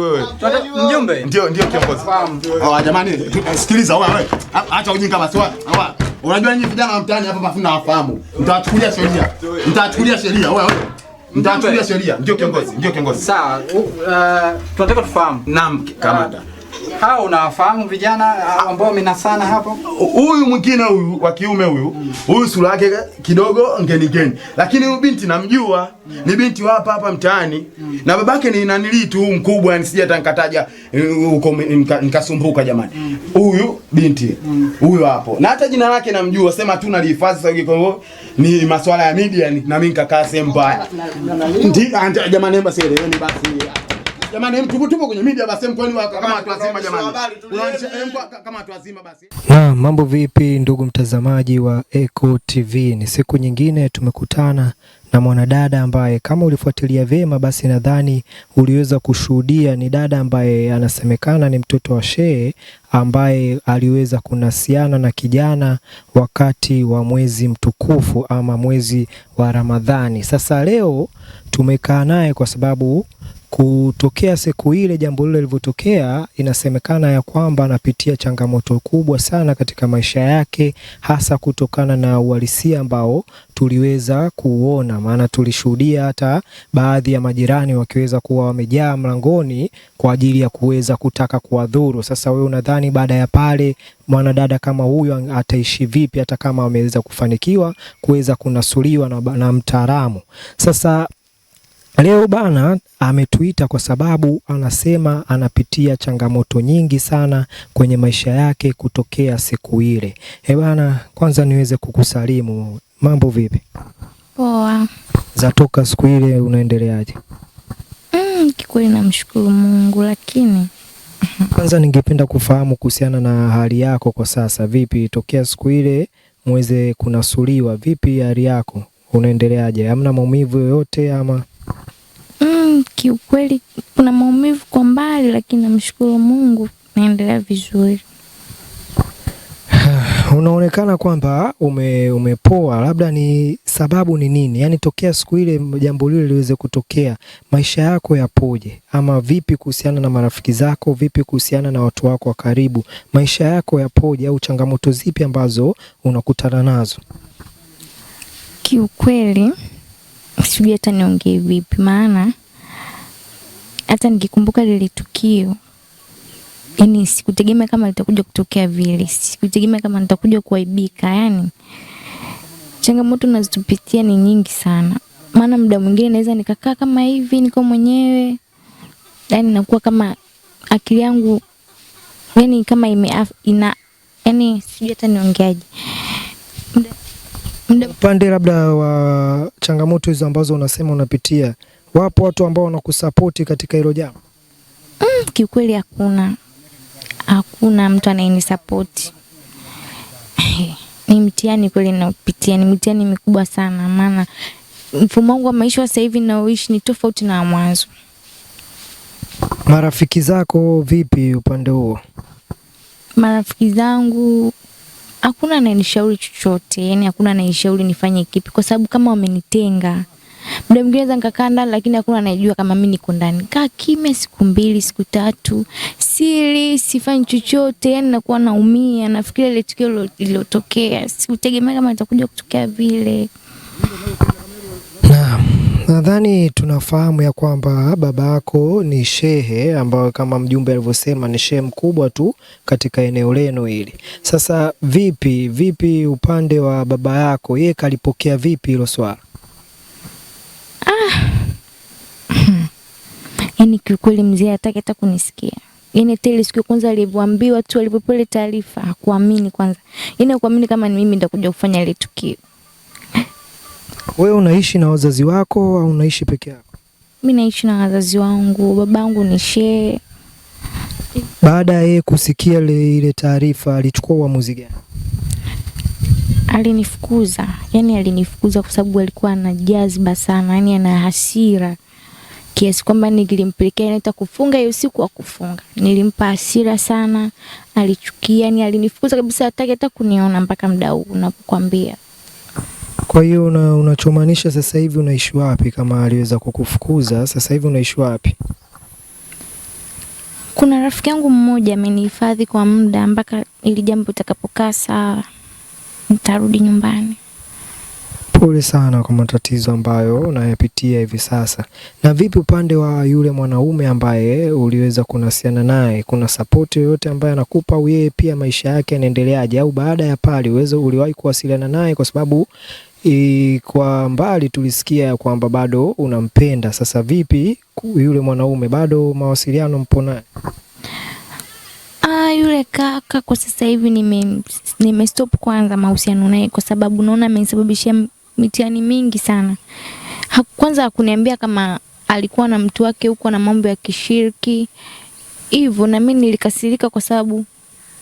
wapi wewe? Mjumbe. Ndio ndio kiongozi. Hawa jamani, sikiliza wewe. Acha ujinga basi wewe. Unajua nyinyi vijana wa mtaani hapa mafuna hawafahamu. Mtawachukulia sheria. Mtawachukulia sheria wewe. Mtawachukulia sheria. Ndio kiongozi, ndio kiongozi. Sawa, eh, tunataka tufahamu. Naam, kamanda. Ah, hao unawafahamu vijana ambao mina sana hapo. Huyu mwingine huyu wa kiume huyu huyu mm. sura yake kidogo ngeni ngeni, lakini huyu binti namjua yeah. Ni binti wa hapa hapa mtaani mm. Na babake ni nanili tu mkubwa, yani sija tankataja huko eh, nikasumbuka jamani. Huyu mm. binti huyu mm. hapo, na hata jina lake namjua, sema tu nalihifadhi sasa. Kwa hivyo ni masuala ya media, na mimi nikakaa sehemu mbaya, ndio jamani, emba sieleweni basi na mambo vipi, ndugu mtazamaji wa Eko TV, ni siku nyingine tumekutana na mwanadada ambaye kama ulifuatilia vyema, basi nadhani uliweza kushuhudia. Ni dada ambaye anasemekana ni mtoto wa shehe ambaye aliweza kunasiana na kijana wakati wa mwezi mtukufu ama mwezi wa Ramadhani. Sasa leo tumekaa naye kwa sababu Kutokea siku ile jambo lile lilivyotokea, inasemekana ya kwamba anapitia changamoto kubwa sana katika maisha yake, hasa kutokana na uhalisia ambao tuliweza kuona. Maana tulishuhudia hata baadhi ya majirani wakiweza kuwa wamejaa mlangoni kwa ajili ya kuweza kutaka kuwadhuru. Sasa wewe unadhani baada ya pale mwanadada kama huyo ataishi vipi, hata kama ameweza kufanikiwa kuweza kunasuliwa na, na mtaalamu? Sasa Leo bana ametuita kwa sababu anasema anapitia changamoto nyingi sana kwenye maisha yake kutokea siku ile. Eh bana, kwanza niweze kukusalimu, mambo vipi? Poa. Zatoka siku ile unaendeleaje? Mm, kikweli namshukuru Mungu, lakini kwanza ningependa kufahamu kuhusiana na hali yako kwa sasa. Vipi tokea siku ile muweze kunasuliwa, vipi hali yako, unaendeleaje? Hamna maumivu yoyote ama kiukweli kuna maumivu kwa mbali, lakini namshukuru Mungu naendelea vizuri. Unaonekana kwamba ume, umepoa. Labda ni sababu ni nini? Yaani tokea siku ile jambo lile liweze kutokea, maisha yako yapoje? Ama vipi kuhusiana na marafiki zako? Vipi kuhusiana na watu wako wa karibu? Maisha yako yapoje, au changamoto zipi ambazo unakutana nazo? Kiukweli sijui hata niongee vipi, maana hata nikikumbuka lile tukio, yani sikutegemea kama litakuja kutokea vile, sikutegemea kama nitakuja kuaibika. Yani changamoto nazitupitia ni nyingi sana, maana muda mwingine naweza nikakaa kama hivi niko mwenyewe, yani nakuwa kama akili yangu yani kama ime ina yani sijui hata niongeaje upande labda wa changamoto hizo ambazo unasema unapitia wapo watu ambao wanakusapoti katika hilo jambo? Mm, kiukweli hakuna, hakuna mtu anayenisapoti ni mtihani kweli naopitia, ni mtihani mikubwa sana, maana mfumo wangu wa maisha sasa hivi naoishi ni tofauti na mwanzo. Marafiki zako vipi upande huo? Marafiki zangu hakuna anayenishauri chochote, yani hakuna anayenishauri nifanye kipi, kwa sababu kama wamenitenga mda mwingine za nikakaa ndani, lakini hakuna anayejua kama mimi niko ndani. Kaa kimya siku mbili, siku tatu, sili sifanyi chochote, yani nakuwa naumia, nafikiria ile tukio lililotokea, sikutegemea kama litakuja kutokea vile. Naam, nadhani tunafahamu ya kwamba baba yako ni shehe ambayo kama mjumbe alivyosema ni shehe mkubwa tu katika eneo lenu hili. Sasa vipi vipi, upande wa baba yako, yeye kalipokea vipi hilo swala? ah. Yaani kiukweli mzee hataki hata kunisikia. Yaani tele siku kwanza alivyoambiwa tu alipopewa ile taarifa hakuamini kwanza. Yaani hakuamini kama ni mimi nitakuja kufanya ile tukio. Wewe unaishi na wazazi wako au unaishi peke yako? Mimi naishi na wazazi wangu, babangu ni shehe. Baada ya yeye kusikia ile taarifa alichukua uamuzi gani? alinifukuza, yani alinifukuza kwa sababu alikuwa ana jazba sana, yani ana hasira kiasi kwamba nilimpelekea nita yaani kufunga hiyo siku kufunga, Nilimpa hasira sana, alichukia, yani alinifukuza kabisa, hataki hata kuniona mpaka muda huu unapokwambia. Kwa hiyo una, unachomaanisha sasa hivi unaishi wapi? Kama aliweza kukufukuza, sasa hivi unaishi wapi? Kuna rafiki yangu mmoja amenihifadhi kwa muda mpaka ili jambo itakapokaa sawa nitarudi nyumbani. Pole sana kwa matatizo ambayo unayapitia hivi sasa. Na vipi upande wa yule mwanaume ambaye uliweza kunasiana naye, kuna sapoti yoyote ambaye anakupa au yeye pia maisha yake yanaendeleaje? Au baada ya pale uweze uliwahi kuwasiliana naye, kwa sababu i, kwa mbali tulisikia kwamba bado unampenda. Sasa vipi yule mwanaume, bado mawasiliano mpo naye? yule kaka kwa sasa hivi nime nimestop kwanza mahusiano naye kwa sababu naona amenisababishia mitihani mingi sana. Kwanza hakuniambia kama alikuwa na mtu wake huko na mambo ya kishiriki hivyo, na mimi nilikasirika kwa sababu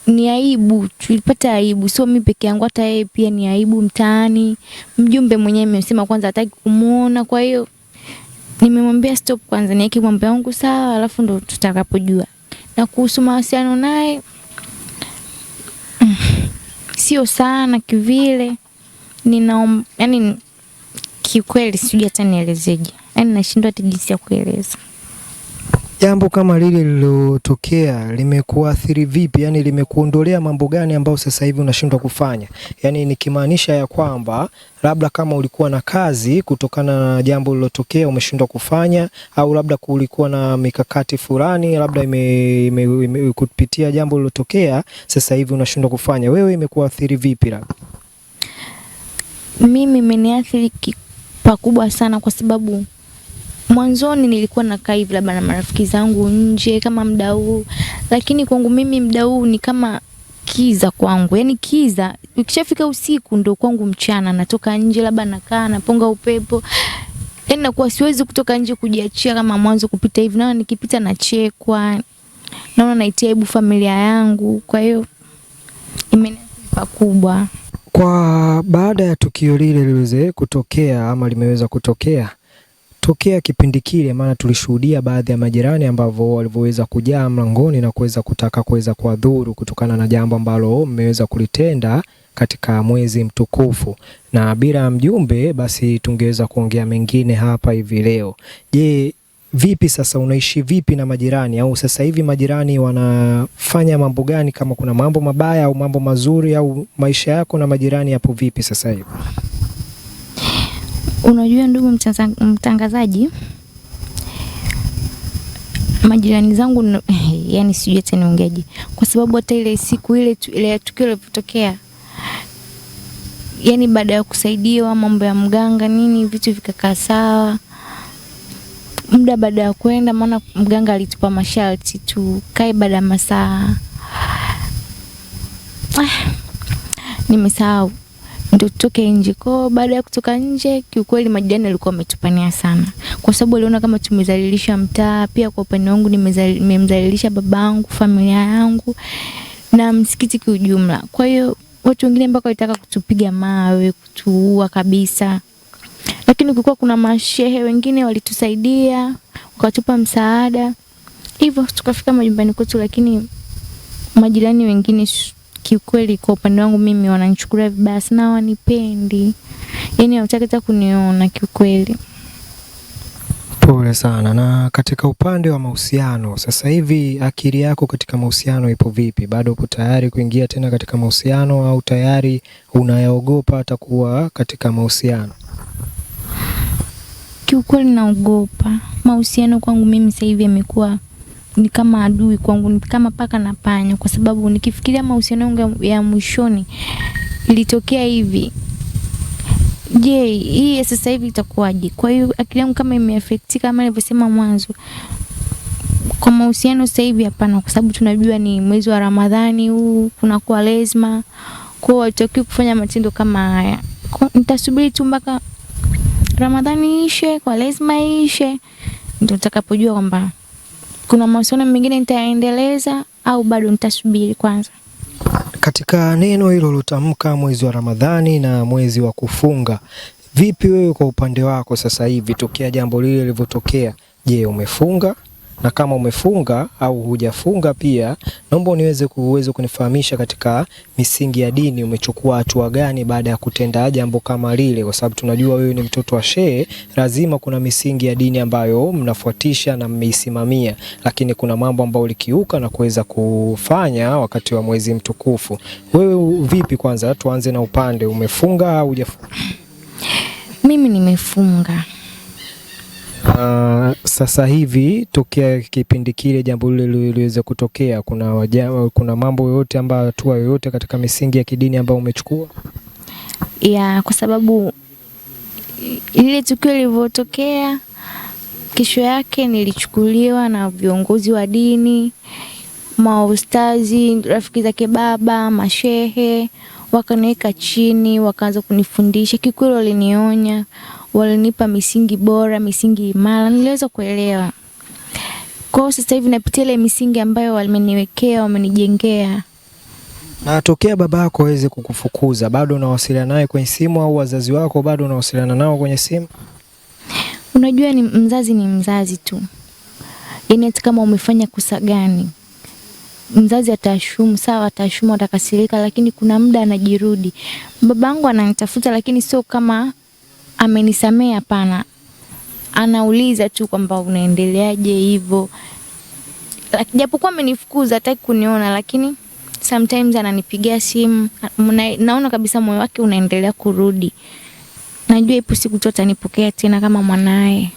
ni aibu, tulipata aibu, sio mimi peke yangu, hata yeye pia ni aibu mtaani. Mjumbe mwenyewe amesema kwanza hataki kumuona, kwa hiyo nimemwambia stop kwanza, niweke mambo yangu sawa, alafu ndo tutakapojua na kuhusu mahusiano naye mm, sio sana kivile, nina yani, kiukweli sijui hata nielezeje, yani nashindwa hata jinsi ya kueleza jambo kama lile lilotokea limekuathiri vipi? Yani limekuondolea mambo gani ambayo sasa hivi unashindwa kufanya? Yani nikimaanisha ya kwamba labda kama ulikuwa na kazi kutokana na jambo lilotokea umeshindwa kufanya, au labda ulikuwa na mikakati fulani labda ime, ime, ime, kupitia jambo lilotokea sasa hivi unashindwa kufanya, wewe imekuathiri vipi? Labda mimi imeniathiri pakubwa sana kwa sababu mwanzoni nilikuwa nakaa hivi labda na marafiki zangu nje kama mda huu, lakini kwangu mimi mda huu ni kama kiza kwangu, yani kiza. Ikishafika usiku ndo kwangu mchana, natoka nje labda nakaa naponga upepo, yani nakuwa siwezi kutoka nje kujiachia kama mwanzo kupita hivi. Naona nikipita nachekwa, naona naitia aibu familia yangu, kwa hiyo imenipa kubwa Kwa baada ya tukio lile liweze kutokea ama limeweza kutokea tokea kipindi kile, maana tulishuhudia baadhi ya majirani ambavyo walivyoweza kujaa mlangoni na kuweza kutaka kuweza kuadhuru kutokana na jambo ambalo mmeweza kulitenda katika mwezi mtukufu, na bila mjumbe basi tungeweza kuongea mengine hapa hivi leo. Je, vipi sasa, unaishi vipi na majirani? Au sasa hivi majirani wanafanya mambo gani? Kama kuna mambo mabaya au mambo mazuri, au maisha yako na majirani yapo vipi sasa hivi? Unajua ndugu mtangazaji, majirani zangu yani, sijui hata niongeaje, kwa sababu hata ile siku ile ile tukio lilipotokea, yani baada ya kusaidiwa mambo ya mganga nini, vitu vikakaa sawa muda baada ya kwenda, maana mganga alitupa masharti tu kae baada ya masaa ah, nimesahau ndio tutoke nje. Kwa baada ya kutoka nje, kiukweli majirani alikuwa ametupania sana, kwa sababu aliona kama tumezalilisha mtaa. Pia kwa upande wangu nimemzalilisha babangu, familia yangu na msikiti kiujumla. Kwa hiyo watu wengine mpaka walitaka kutupiga mawe, kutuua kabisa, lakini kulikuwa kuna mashehe wengine walitusaidia, wakatupa msaada, hivyo tukafika majumbani kwetu, lakini majirani wengine kiukweli, kwa upande wangu mimi wananichukulia vibaya sana, wanipendi yaani hawataki hata kuniona kiukweli. Pole sana. Na katika upande wa mahusiano, sasa hivi akili yako katika mahusiano ipo vipi? Bado upo tayari kuingia tena katika mahusiano au tayari unayaogopa hata kuwa katika mahusiano? Kiukweli naogopa mahusiano, kwangu mimi sasa hivi yamekuwa ni kama adui kwangu, ni kama paka na panya, kwa sababu nikifikiria mahusiano yangu ya, mwishoni ilitokea hivi, je, hii sasa hivi itakuwaje? Kwa hiyo akili yangu kama imeafektika kama nilivyosema mwanzo kwa mahusiano sasa hivi hapana, kwa sababu tunajua ni mwezi wa Ramadhani huu, kuna kunakuwa lazima kwa watakiwa kufanya matendo kama haya. Nitasubiri tu mpaka Ramadhani ishe, kwa lazima ishe, ndio nitakapojua kwamba kuna mahusiano mengine nitaendeleza au bado nitasubiri kwanza? Katika neno hilo lotamka mwezi wa Ramadhani na mwezi wa kufunga, vipi wewe kwa upande wako sasa hivi tokea jambo lile lilivyotokea, je, umefunga? na kama umefunga au hujafunga pia, naomba uniweze uweze kunifahamisha katika misingi ya dini umechukua hatua gani baada ya kutenda jambo kama lile, kwa sababu tunajua wewe ni mtoto wa shehe, lazima kuna misingi ya dini ambayo mnafuatisha na mmeisimamia, lakini kuna mambo ambayo ulikiuka na kuweza kufanya wakati wa mwezi mtukufu. Wewe vipi? Kwanza tuanze na upande, umefunga au hujafunga? Mimi nimefunga. Eh, sasa hivi tokea kipindi kile jambo lile liliweza kutokea, kuna wajama, kuna mambo yoyote ambayo hatua yoyote katika misingi ya kidini ambayo umechukua? Ya, kwa sababu lile tukio lilivyotokea, kesho yake nilichukuliwa na viongozi wa dini, maustazi, rafiki zake baba, mashehe, wakaniweka chini, wakaanza kunifundisha. Kikweli walinionya walinipa misingi bora, misingi imara, niliweza kuelewa. Kwa hiyo sasa hivi napitia ile misingi ambayo wameniwekea, wamenijengea. Na tokea baba yako aweze kukufukuza, bado unawasiliana naye kwenye simu au wazazi wako bado unawasiliana nao kwenye simu? Unajua, ni mzazi ni mzazi tu, yaani hata kama umefanya kosa gani mzazi atashumu, sawa, atashumu, atakasirika, lakini kuna muda anajirudi. Babangu ananitafuta, lakini sio kama amenisamea? Hapana, anauliza tu kwamba unaendeleaje hivyo. Japokuwa amenifukuza hataki kuniona, lakini sometimes ananipigia simu naona kabisa moyo wake unaendelea kurudi. Najua ipo siku tu atanipokea tena kama mwanaye.